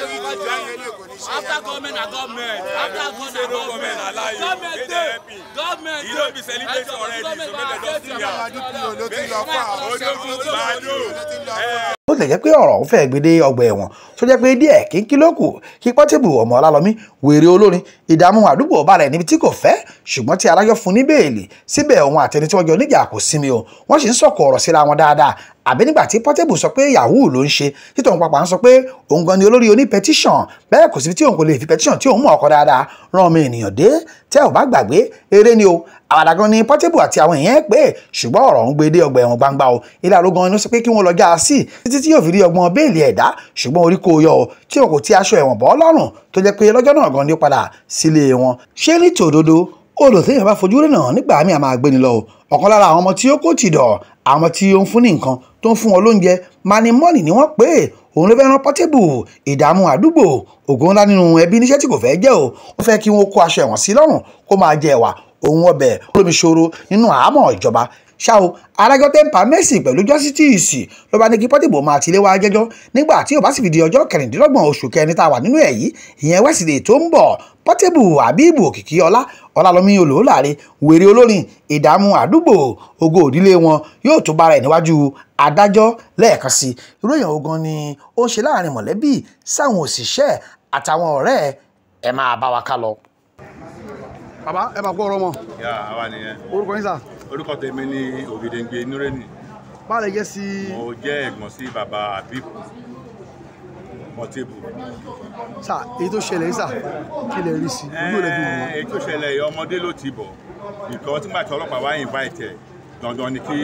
after government na government after government na government government dey government dey don be celebrate already so make dem just see am ó lè jẹ́ pé ọ̀rọ̀ ń fẹ́ gbede ọgbà ẹ̀wọ̀n tó jẹ́ pé díẹ̀ kínkín ló kù kí pọ́tìbù ọmọ ọlálọ́mí wèrè olórin ìdààmú àdúgbò balẹ̀ níbi tí kò fẹ́ ṣùgbọ́n tí adájọ́ fún ní bẹ́ẹ̀lì síbẹ̀ òun àtẹni tí wọ́n jọ níjà kò sinmi o wọ́n sì ń sọ̀kọ̀ ọ̀rọ̀ síra wọn dáadáa àbí nígbà tí pọ́tìbù sọ pé yahoo ló ń ṣe títọ̀ bẹ́ẹ̀ kò síbi tí òun kò lè fi petition tí òun mọ̀ ọkọ̀ dáadáa ran ọmọ ènìyàn dé tẹ́ ò bá gbàgbé eré ni o àwàdà gan ni Portable àti àwọn èèyàn pé ṣùgbọ́n ọ̀rọ̀ ń gbé dé ọgbà ẹ̀wọ̀n gbangba o ilé arógan inú sọ pé kí wọ́n lọ já a sí títí tí yóò fi rí ọgbọ́n béèlì ẹ̀dá ṣùgbọ́n orí kò yọ o tí wọn kò ti aṣọ ẹ̀wọ̀n bọ́ lọ́rùn tó jẹ́ pé lọ́jọ́ náà gan ni ó padà sílé wọn ṣé ní tòdodo olùtẹ́yìn bá fojú rẹ̀ nígbà míì a máa ọ̀kan lára àwọn ọmọ tí ó kò tìdọ̀ àwọn tí ó ń fún ní nǹkan tó ń fún wọn lóúnjẹ mani mọ́nì ni wọ́n pè é òun ló fẹ́ rán pọ́tébù ìdààmú àdúgbò ògo ńlá nínú ẹbí níṣẹ́ tí kò fẹ́ jẹ́ o ó fẹ́ kí wọ́n kó aṣọ ẹ̀wọ̀n sí lọ́rùn kó máa jẹ ẹ̀wà òun ọbẹ̀ olómi ṣòro nínú àhámọ́ ìjọba ṣá o adájọ́ tẹ́ǹpà mẹ́sì pẹ̀lú jọ́sítìsì ló bá ní kí pọ́tìbò máa ti lé wa jẹ́jọ́ nígbà tí ò bá sì fi di ọjọ́ kẹrìndínlọ́gbọ̀n oṣù kẹrin tá a wà nínú ẹ̀ yìí ìyẹn wẹ́sídẹ̀ẹ́ tó ń bọ̀ pọ́tìbù àbíbù òkìkí ọlá ọlálọ́mí olóòláre wèrè olórin ìdààmú àdúgbò ògo òdílé wọn yóò tó bára ẹ̀ níwájú adájọ́ lẹ́ẹ̀kan sí irú èèyàn ogun ni ó ń ṣe láàrin mọ̀lẹ́bí sáwọn òṣìṣẹ́ àtàwọn ọ̀rẹ́ ẹ̀ máa bá wa ká lọ. bàbá ẹ bá kó ọ̀rọ̀ mọ. yà á wà nìyẹn. orúkọ yín sà orúkọ tèmi ni Ògèdèǹgbè Nureni. báwo lè jẹ́ sí. mo jẹ́ ẹ̀gbọ́n sí bàbá Habib Portable. sà èyí tó ṣẹlẹ̀ sà kí lè rí sí i olú rẹ̀ fi wò. Eh, èyí tó ṣẹlẹ̀ yìí ọmọdé ló ti bọ̀ because nígbà tí ọlọ́pàá wá invite ẹ̀ dandan ni kí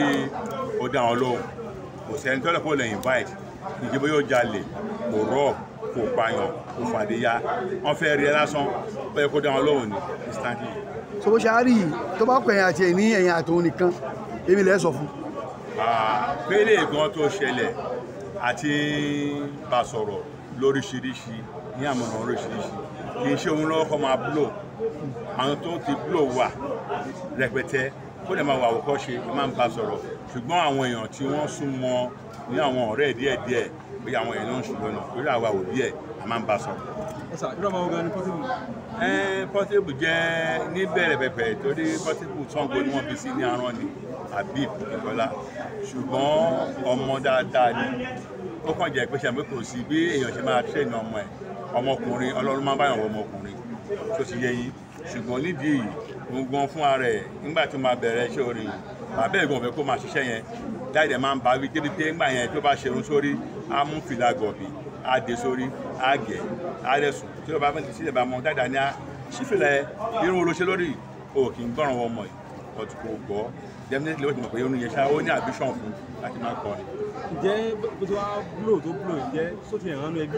ó dá wọn lóhùn kò sẹ́ni tọ́lẹ̀ kó lè invite ìdìbò yóò jalè kò rọ̀ kó pààyàn kó fàdéyà wọ́n fẹ́ rí ẹ lásán ó yẹ kó dá wọn lóhùn ní instantly. so bó ṣe á rí i tó bá pẹ̀yìn àti ẹ̀ ní ẹ̀yìn àtòun nìkan èmi lẹ́ sọ fún. pélé gan tó ṣẹlẹ̀ àti bá sọ̀rọ̀ lóríṣiríṣi ní àmọ̀ràn oríṣiríṣi kì í ṣe òun lọ́wọ́ kọ́ máa blow àwọn tó ti blow wà rẹpẹtẹ kó lè máa wà àwòkọ́ṣe máa ń bá sọ̀rọ̀ ṣùgbọ́n àwọn èèyàn tí wọ́n sún ní àwọn ọ̀rẹ́ díẹ̀díẹ̀ bóyá àwọn yẹn ló ń ṣùgbọ́n náà torí àwa òbí ẹ̀ a máa ń bá sọ. ọ̀sà irú ọmọ ogun ni Portable. ẹ Portable jẹ́ ní bẹ̀rẹ̀bẹ̀pẹ̀ torí Portable Ṣàngó ni wọ́n fi sí ní aràn ni àbí ìpínlọ́lá ṣùgbọ́n ọmọ dáadáa ni ó kàn jẹ́ pé ṣàmì kò sí bí èèyàn ṣe máa tẹ̀lé ọmọ ẹ̀ ọmọkùnrin ọlọ́run máa ń báyàn wọ ọmọkùnrin tó ti yẹ yín ṣùgbọ́n nídìí yìí gbọ̀ngàn fún ara ẹ̀ nígbà tó máa bẹ̀rẹ̀ iṣẹ́ orin bàbá ẹ̀gbọ́n kó máa ṣiṣẹ́ yẹn dáìdẹ̀ máa ń bá wí débi pé ńgbà yẹn tó bá ṣerun sórí á mú fìlà gọ̀bì á dé sórí a gẹ̀ á rẹ̀ sùn tí o bá fẹ́ sílẹ̀ bá mọ dáadáa ní a sífìlẹ̀ irun olóṣè lórí o kì í gbọ́ràn ọmọ yìí ọtí kò gbọ́ definitely ó ti mọ̀ pé irun yẹn ṣá ó ní ambition fún láti máa kọrin. ǹjẹ́ bó ti wá búlò tó búlò ǹjẹ́ sófin ìrànú ẹbí.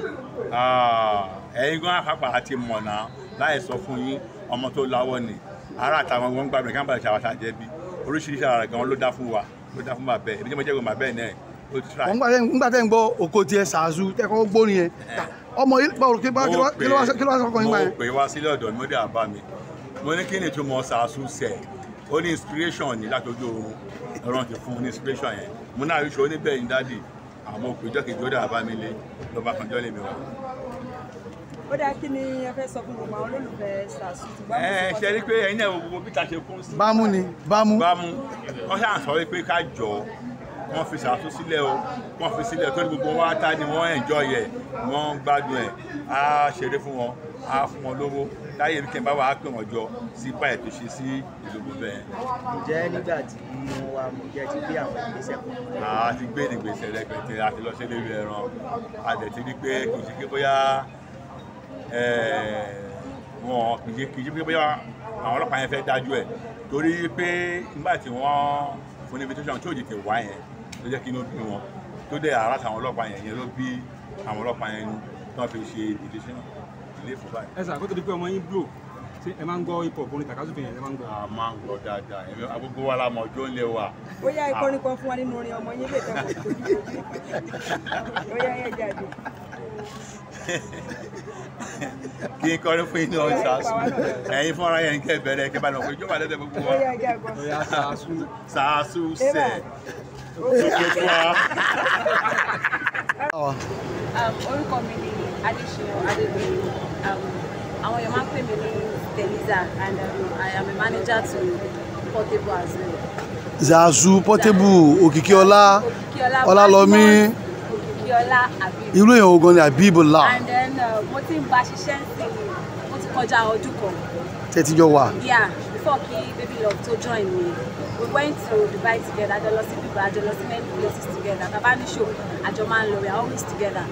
Ah, ẹ̀yin gan apapa àti mọ̀nà láì sọ fún yín ọmọ tó láwọ́ ni ara àtàwọn ọmọ ń gbàgbé káńbà ìṣàwàṣà jẹ̀bi oríṣiríṣi ara gan ló dá fún wa ló dá fún bàbá ẹ̀ ẹ̀mí jẹ́ mọ́ jẹ́ gbọ́n náà nígbà tẹ́ ń gbọ́ oko tiẹ̀ ṣáàzú tẹ́ kọ́ yẹn ọmọ báwo kí ló wá sọkàn yín báyìí. mo pè wá sílẹ̀ ọ̀dọ̀ mi ó dẹ̀ àbá mi mo ní kí ni tó mọ ṣáàzú sẹ̀ ó ní inspiration ní látọjú oorun ọ̀rọ̀ ti fún un ní inspiration yẹn mo náà rí ṣe oníbẹ̀yìn dádì àmọ́ òpèjọ́ kejì ó dẹ̀ àbá mi lé lọ́ba kanjọ́ lè mi wá ó dáa kí ni ẹ fẹ́ sọ fún gbogbo àwọn olólùfẹ́ ṣàṣù. ẹ eh, ṣe rí i pé ẹ̀yin náà gbogbo wọ́n fi ṣàtò o wọ́n fi sílẹ̀ tó ní gbogbo wọn ata ni wọ́n enjoy ẹ̀ wọ́n gbádùn ẹ̀ á ṣeré fún wọn á fún wọn lówó láyé bí kẹ́ńbá wà á pè wọ́n jọ sí báyìí tó ṣe sí ìlú gbogbo ǹjẹ́ nígbà tí wọ́n wá mú jẹ́ ti gbé àwọn ìgbésẹ̀ kan. a ti gbé ìgbésẹ̀ rẹpẹtẹ a lọ sí ilé ẹran a dẹ̀ ti rí pé kò sí pé bóyá wọn kì í kì pé bóyá àwọn ọlọ́pàá yẹn fẹ́ dájú ẹ̀ torí pé nígbà tí wọ́n fún ní invitation tí ò tètè wá yẹn ló jẹ́ kí inú bí wọn tó dẹ̀ ara tàwọn ọlọ́pàá yẹn yẹn ló bí àwọn ọlọ́pàá yẹn tán fi ṣe ìdílé ilé ìfọ̀ báyìí. ẹ sà di pé ọmọ yín blow ṣé ẹ máa ń gbọ́ ipò òkùnrin tàkásùfin yẹn ẹ máa ń gbọ́. a máa ń gbọ́ dáadáa ẹ̀mí agogo wa la mọ̀ ọjọ́ ń lé wa. bóyá ìkọrin kan fún wa nínú orin ọmọ yín lè tẹ́ kó tó di ojú bóyá ẹ jáde kí n kọrin fún yín ọjà sùn ẹ̀yin fúnra yẹn kẹ́ bẹ̀rẹ̀ kẹ́ bá lọ pé ìjọba lẹ́dẹ̀ gbogbo wa. sàásù sẹ orúkọ mi ni adéṣeyàn adébíyí àwọn èèyàn máa ń pè mí ní teliza and i am a manager to portable as well. zazu portable òkìkíọlá ọlálọmí òkìkíọlá abib irú èèyàn ogun ni abib la. and then mo ti ń bá ṣiṣẹ́ sí i mo ti kọjá ọdún kan. tẹ́tíjọ́ wà. yeah before kí baby love tó join me we went to Dubai together àjọ lọ sí Dubai àjọ many places together bàbá ní show Ajomanlo, we are always together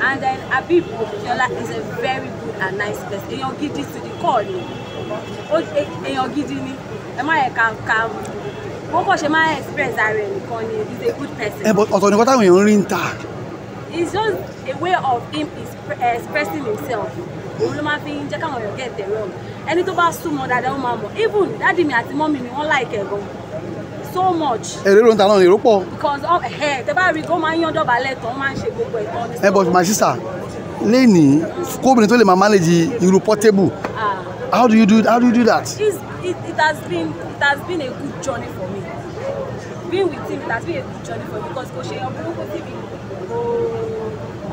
and then Habib Okikiola is a very good and nice person èèyàn gidi to the core ni èèyàn gidi me. Am I yẹ ká ká wọ́n kàn ṣe máa experience ara in nìkan ni he is a good person. ẹ eh, bọ ọ̀tọ̀ nìkan táwọn èèyàn ń it's just a way of him eh, expressing himself òun ló fi ń jẹ́ get the wrong ẹni tó bá súnmọ́ dáadáa ó máa even daddy me àti mọ́mì mi wọ́n láìkẹ̀ gan-an so much. èrè ló ń ta èrò pọ̀. because ẹ um, eh, tẹ bá rí i kó máa ń yán dọ̀bálẹ̀ tán máa ń ṣe gbogbo ẹ̀tọ́. ẹ eh, but my sister lẹ́nìí kóbìnrin tó lè máa manage irú portable ah. how do you do how do you do that. It's, it, it has been it has been a good journey for me being with him it has been a good journey for me because kò ṣe ọmọ kókó sí mi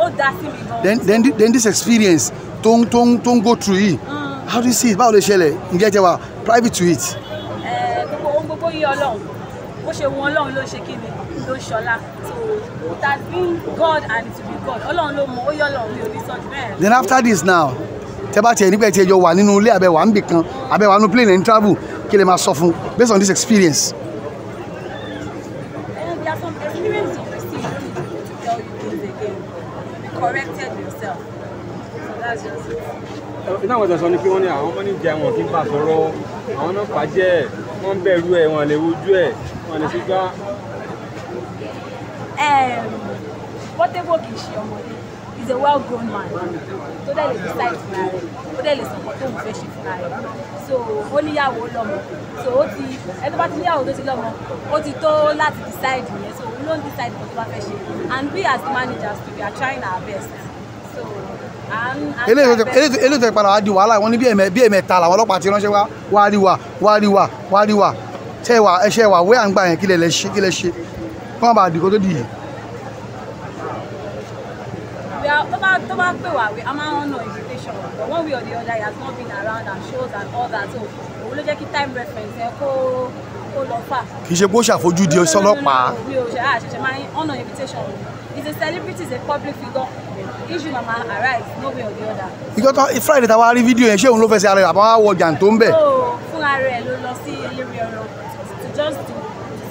ó dá sí mi gan. then then then this experience tó ń tó ń tó ń go through yìí mm. how do you see it báwo lè ṣẹlẹ̀ ǹjẹ́ jẹ́ wa private to it. ẹ gbogbo ohun gbogbo yí ọlọ́run ṣe wọn ọlọ́run ló ṣe kí ni ló ṣọlá so it has God and it be God ọlọ́run ló mọ ó yọ ọlọ́run mi ò ní sọ jù then after this now tẹ bá tiẹ̀ níbẹ̀ wà nínú ilé abẹ́ wà ń bì kan abẹ́ wà nínú plane and travel kí lè máa sọ fún based on this experience. Eh, iná àwọn ìjọsọ ni pé wọ́n ní àwọn ọmọ níjà wọn kí n bá sọ̀rọ̀ àwọn náà pàjẹ́ wọ́n bẹ̀rù ẹ̀ wọ́n lè wojú ẹ̀ mọ̀lẹ́sígbá. Portable kì í ṣe ọmọdé is a well grown man tó dẹ̀ lè decide fúnra rẹ̀ ó dẹ̀ lè sọ̀kọ̀ tó ń fẹ́ ṣe fúnra rẹ̀ so ó níyàwó lọ́mọ so ó ti ẹni tó bá ti níyàwó tó ti lọ́mọ ó ti tó láti decide yẹn so we don't decide what we bá fẹ́ ṣe and we as managers we are trying our best so eléyìí tó ti padà wá di wàhálà wọn ní bí ẹ̀mẹ́ta làwọn ọlọ́pàá ti ránṣẹ́ wá wá rí wa wá rí wa wá rí wa ṣe wà ẹṣẹ wà wẹ́ à ń gbà yẹn kí lẹ ṣe kí lẹ ṣe kí wọ́n bá dìgbò tó dìyẹ. way or the other been around and shows and all that so òun ló jẹ́ kí time reference kì í ṣe bó ṣàfojú di ọlọ́pàá. mi ò ṣe àṣẹṣe a way or the other. wá rí fídíò yẹn ṣé òun ló fẹsẹ̀ ara rẹ̀ àbáwá jàǹtó ń bẹ̀. fúnra rẹ̀ ló lọ sí eléré ọ̀rọ̀ just to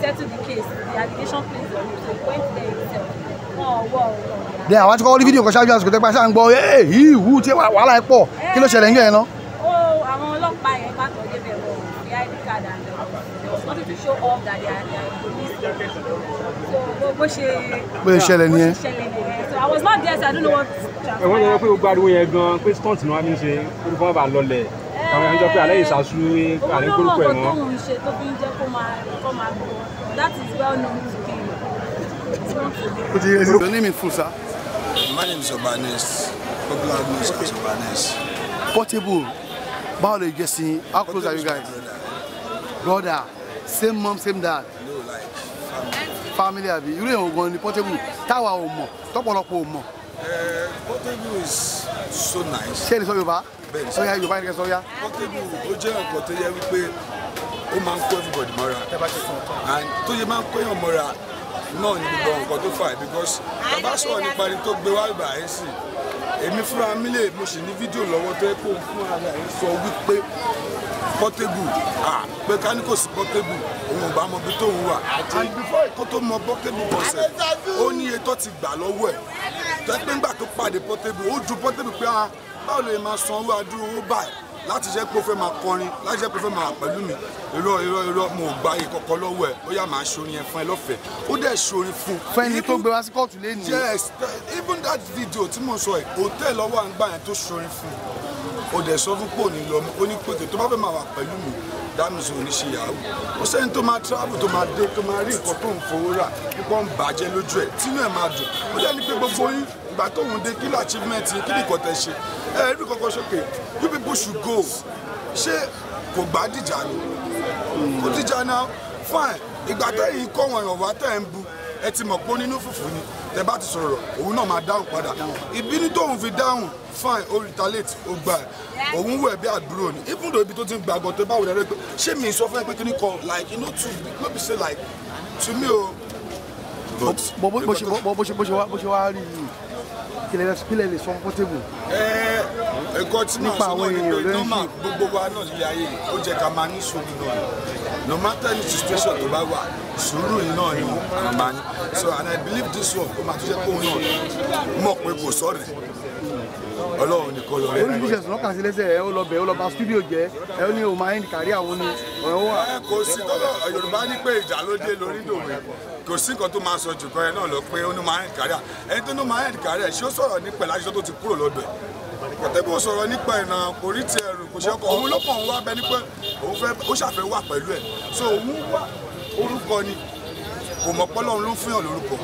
settle the case the allegation placed on you so he went there himself wọn ọwọ́ ọ̀rọ̀ rẹ̀. then àwọn tí kọ́kọ́ rí Go kan ṣáájú àsìkò tẹ́pẹ́ sáà ń gbọ́ ee ìhù tí wàhálà ẹ̀ pọ̀ kí ló ṣẹlẹ̀ ń yẹ̀ ẹ̀ náà. ó àwọn ọlọ́pàá yẹn bá tọ́jú bẹ̀rẹ̀ wọ̀ the id card and there was nothing to show off that they are police so go go. bó ṣe ṣẹlẹ̀ nìyẹn. bó ṣe so I was not there so I don't know what. ẹ̀wọ́n yẹn pé gbogbo ariwo yẹn gan pé stunt ni wọ́n We're mi ṣe orúkọ wọn bá lọlẹ̀ àwọn èèyàn jọ pé alẹ́ ìṣàṣù alẹ́ gbórúkọ ẹ̀ mọ́. ó lọ́wọ́ ọ̀gá tó ń ṣe tó fi ń jẹ́ kó máa kó máa gbọ́ that is well known to Kenya. Your name is Fusa? My name is Obanes, popular known as Obanes. Portable, báwo lè how close are you guys? Brother. same mom, same dad. family. Family abi, irú èèyàn gan ni Portable, táwa ò mọ̀, tọ́pọ̀lọpọ̀ ò mọ̀. Eh, Portable is so nice. Ṣé ẹni sọ Yorùbá? sọ́yà yorùbá nìkan sọ́yà. ó jẹ́ nǹkan tó yẹ wípé ó máa ń kó everybody mọ́ra and tó yẹ máa ń kó èèyàn mọ́ra náà ní gbogbo nǹkan tó fà because bàbá sọ̀rọ̀ nípa ẹni tó gbé wá ìgbà ẹ̀ sì èmi fúnra mi lè mo sì ní fídíò lọ́wọ́ tó yẹ kó fún ara ẹ̀ sọ wípé Portable ah pé ká ní kò sí Portable òun ò bá mọ ibi tóun wà and before kó tó mọ Portable concept ó ní etó ti gbà lọ́wọ́ ẹ̀ tó pé ńgbà tó pàdé Portable ó ju Portable pé ah báwo lè máa san owó adúrú owó báyìí láti jẹ́ pé ó fẹ́ máa kọrin láti jẹ́ pé ó fẹ́ máa pẹ̀lú mi irọ́ irọ́ irọ́ mo gba ìkọ̀kọ̀ lọ́wọ́ ẹ̀ ó yà máa ṣorin ẹ̀ fún ẹ lọ́fẹ̀ẹ́ ó dẹ̀ ṣorin fún. fẹ́ni tó gbé wá sí kóòtù lẹ́nu. yes even that video tí mo sọ ẹ̀ hòtẹ́ẹ̀lì ọwọ́ à ń gbà yẹn tó ṣorin fún ó dẹ̀ sọ fún pé òní lọ ó ní pé tó bá fẹ́ máa wà pẹ̀lú mi dámìsì oníṣìyàwó ó sẹ́ni tó máa travel tó máa dé tó máa rí nǹkan tó ń fowó rà púpọ̀ ń bàjẹ́ lójú ẹ̀ tínú ẹ̀ máa dùn ó dẹ́ni pé gbogbo yín ìgbà tóun dé kí ló achievement yín kí ni ìkọ̀tẹ̀ ṣe ẹ rí kankan sókè you people should go ṣé kò gbá dìjà ni kò dìjà náà fine ìgbà tẹ́yìn kọ́ wọn ìwọ̀n wá tẹ́ ń bu ẹ ti mọ̀ pé onínú fùfú ni tẹ bá ti sọ̀rọ̀ òun náà máa dáhùn padà ìbínú tóun fi dáhùn fine ó retaliate ó gbà ẹ̀ òun wù ẹ́ bí àdúró ni even though ibi tó ti ń gbàgbọ́ tó bá wù lẹ́rẹ́ pé ṣé mi sọ fún ẹ pé kí ni kọ like you know to no be say like to me o. bó ṣe wá rí i les restes les sont bu ẹ̀kọ́ tí màá sọ náà ni pé nọ́mà gbogbo wa náà lè ayé ó jẹ́ ká máa ní sùúrù náà no matter the situation tó bá wà sùúrù náà ni wọ́n máa ní so and I believe this one ó máa tún jẹ́ kóun náà mọ̀ pé kò sọ̀rọ̀ ọlọ́run nìkan lọ rẹ̀. olùdíje sùn lọ́kàn sí lẹ́sẹ̀ ẹ̀ ó lọ bẹ̀ ó lọ ba studio jẹ́ ẹ̀ ó ní o máa ń kárí àwọn ni ọ̀rọ̀ wà. ẹ kò sí tọ́lọ̀ yorùbá ní pé ìjà ló dé lórí dòwe kò sí nǹkan tó máa sọ jù kan ẹ náà lọ pé ó ní máa ń kárí à ẹni tó ní máa ń kárí à ṣé ó sọ̀rọ̀ ní pẹ̀lú àṣìṣe tó ti kúrò lọ́dọ̀ ẹ̀ Portable sọ̀rọ̀ nípa ìnà kò ti ẹ̀rù kò ṣe kọ̀ òun ló kàn ń wá bẹ ní pé òun fẹ́ ó ṣàfẹ́ wà pẹ̀lú ẹ̀ so òun wá orúkọ ni kò mọ̀ pọ́lọ́run ló fún yàn lórúkọ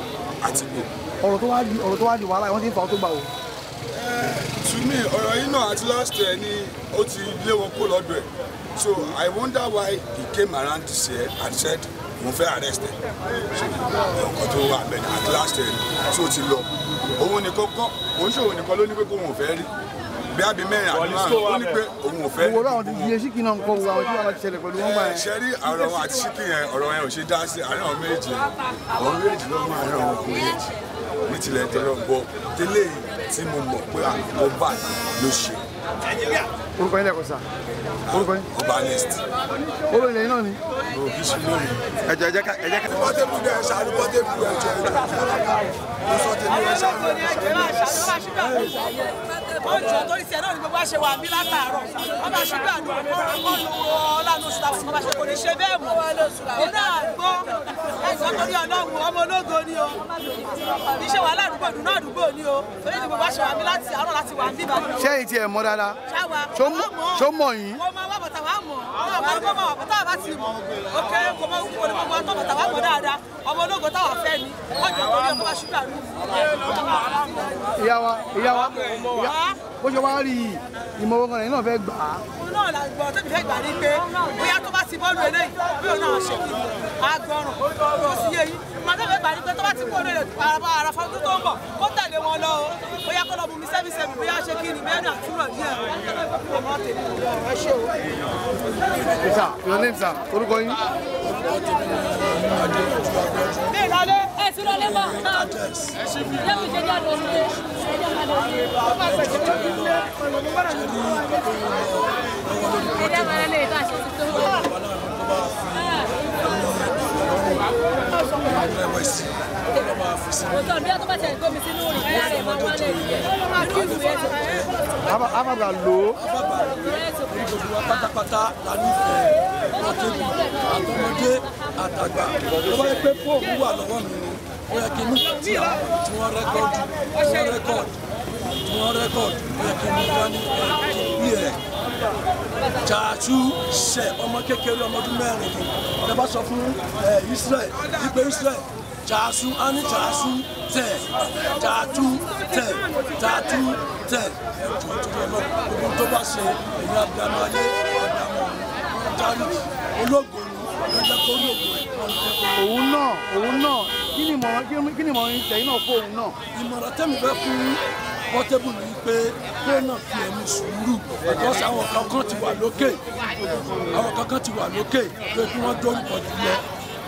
àti gbò. ọ̀rọ̀ tó wá di ọ̀rọ̀ tó wá di wàhálà wọ́n ti ń fa ọtó gbà o. ẹ eh, to ọ̀rọ̀ yìí náà àti last year ni ó ti lé wọn kó lọ́dọ̀ ẹ̀ so I wonder why he came around this year and said mo fẹ́ arrest ẹ̀ ọkọ̀ tó wà bẹ́ẹ̀ àti last year ni so ti lọ òun nìkan kọ́ òun ṣòwò nìkan ló ní pé kóun ò fẹ́ rí àbí àbí mẹ́rin àbí márùn ó ní pé òun ò fẹ́. òwò láwọn ti di esíkì náà ń kọ wà ojú àwọn ti ṣẹlẹ̀ pẹ̀lú wọn gbà yẹn. ṣe rí ọ̀rọ̀ wọn àti síkì yẹn ọ̀rọ̀ yẹn ò ṣe dá sí àárín àwọn méjì àwọn méjì ló máa ràn wọn kó yẹn ní tilẹ̀ tẹ̀lé ọ̀gbọ́ tẹ́lẹ̀ tí mo mọ̀ pé àwọn ah, bá ló ṣe. orúkọ yín lẹ́kọ̀ọ́ sá orúkọ yín. ọba nest. olórí lẹ́yìn náà ni. òbí sí lórí. ẹ̀jẹ̀ ẹ̀jẹ̀ ká ẹ̀jẹ̀ ká. pọ́tẹ́bù dẹ̀ ṣàlù pọ́tẹ́bù ẹ̀jẹ̀ ẹ̀jẹ̀ mo sọ tèmi ẹ̀ ṣàlù ọjọ́ torí tiẹ̀ náà ni gbogbo àṣẹ wà bí látàárọ̀ wọ́n bá ṣubú àdúrà kọ́ lówó ọlànà oṣù tàbí kọ́ bá ṣe kò ní ṣe bẹ́ẹ̀ mọ́ iná àgbọ̀ ẹ̀sán torí ọlọ́run ọmọ ológo ni o iṣẹ́ wàhálà àdúgbò dùnà àdúgbò ni o torí ni gbogbo àṣẹ wà bí láti àárọ̀ láti wà bí ìbàdàn. ṣé ìtì ẹ̀ mọ́ dáadáa ṣó mọ̀ yín ọmọ ọmọ ọmọ ọmọ táwa bá ti mọ òkè kò mọ kò lè mọ ọmọ tọmọ tàwa mọ dáadáa ọmọ ológo táwa fẹ́ ni ọjọ́ tó ní ọmọ bá ṣúgà lù. ìyá wa ìyá wa bó ṣe wá rí ìmọ̀ owó kan náà fẹ́ gbà á. òun náà là ń gbọ́ tó fi fẹ́ gbà ní pé bóyá tó bá ti bọ́ọ̀lù eléyìí bí òun ṣe kí kò sí yẹ yìí màtẹ́fẹ́ gbà ní pé tó bá ti kú olóòlè àràbà àràfà ọdún tó ń bọ̀ kó tẹ̀lé wọn lọ ó yẹ kó lọ bu mi sẹ́mi sẹ́mi bí ṣe kí ni bẹ́ẹ̀ ni àtúrọ̀ díẹ̀ ọmọ tèmi ẹ ṣe o. sà your name sà orúkọ yín. mi ìlọlé ẹ ti lọlé bọ lẹ́mú ìṣe ní àlọ́ ilé ẹ̀jẹ̀ máa lọ sí i. ẹ̀jẹ̀ máa lọ lè tó àṣẹ tuntun. request. ababa lo. gbogbo wa pátápátá la nífẹ̀ẹ́ àtẹ̀bù àtọmọdé àtàgbà tó bá yẹ pé fóònù wà lọ́wọ́ mi ni ó yẹ kí n ní tí wọ́n rẹ́kọ̀dù tí wọ́n o tí wọ́n rẹ́kọ̀dù ó yẹ kí n ní dání ẹ̀ẹ́dì rẹ̀ jàásù sẹ ọmọ kékeré ọmọdún mẹ́rin ni ẹ bá sọ fún Israel wípé Israel. Tasu ani tasu tẹ tatu tẹ tatu tẹ ẹjọ tó lọ lọ gbogbo tó bá ṣe èyí abiyamọ ayé ọdàmọ ọdàmọ ológo ni ọjọ tó ológo ẹ. òun náà òun náà kí ni ìmọ̀ràn kí ni ìmọ̀ràn ìtẹ̀yìn náà fún òun náà. ìmọ̀ràn tẹ́mi fẹ́ fún Portable ni pé pé náà fi ẹnu sùúrù because àwọn kankan ti wà lókè àwọn kankan ti wà lókè pé kí wọ́n dórúkọ jùlọ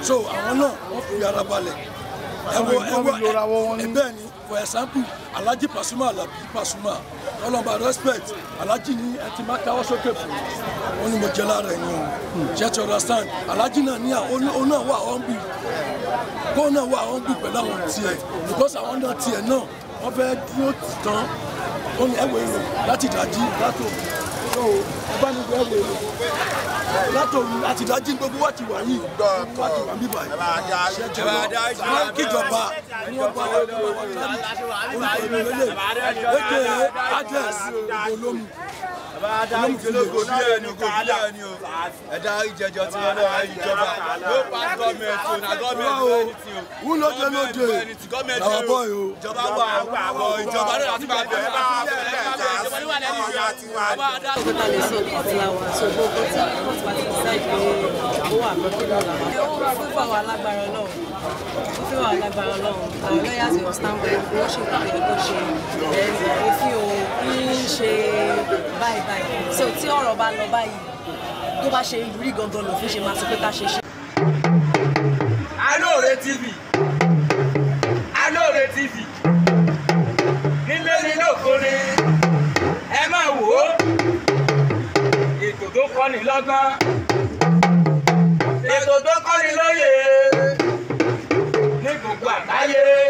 so àwọn náà wọ́n fi ara balẹ̀ ẹwọ ẹwọ ẹbẹ ni for example Alhaji Pasuma Alabi Pasuma ọlọmọba respect Alhaji ni ẹ ti máa káwọ́ sókè fún wọn ni mo jẹ lára ẹ̀yìn o ṣe ti understand Alhaji náà ní òun náà wà ọ́n bì kó náà wà ọ́n bì pẹ̀lú àwọn tiẹ̀ because àwọn náà tiẹ̀ náà wọ́n fẹ́ dúró tán ó ní ẹ̀wọ̀ èrò láti dájí látò so ìbánidọ́ ẹ̀wọ̀ èrò látòru àti ìdájí gbogbo wà ti wà yìí wà ti wà bíbà yìí ṣẹjọ wọn kíjọba wọn wà lọ́wọ́ wọn kálí orúkọ ìlú lélẹ̀ èké olóhùn tí ló gòkè ẹni gòkè ẹni o ẹ̀dá ìjẹjọ ti wọn náà ìjọba no pass government o na government no anything o. wú ló dé ló dé làwọn bọ̀ yìí o. ìjọba wà àwọ̀ ìjọba náà láti máa bẹ̀rẹ̀ bá bẹ̀rẹ̀ bá bẹ̀rẹ̀ ìjọba níwà lẹ́nu ìyá ti wà ní. ọgbọ́n ta lè sọ ọ̀tí la wà so gbogbo tí wọ́n ti wà ní ṣáìdì owó àgbẹ̀kúndà làwọn. ó fẹ́ wà lágbára náà ó fẹ́ wà báyìí báyìí so tí ọ̀rọ̀ bá lọ báyìí tó bá ṣe rí gangan lòfin ṣe máa sọ pé ká ṣe ṣe. Alóore TV Alóore TV nílé nílé òkúni ẹ máa wò ó ètò tó kọ́ni lọ́gbọ́n ètò tó kọ́ni lóye ní gbogbo àgbáyé.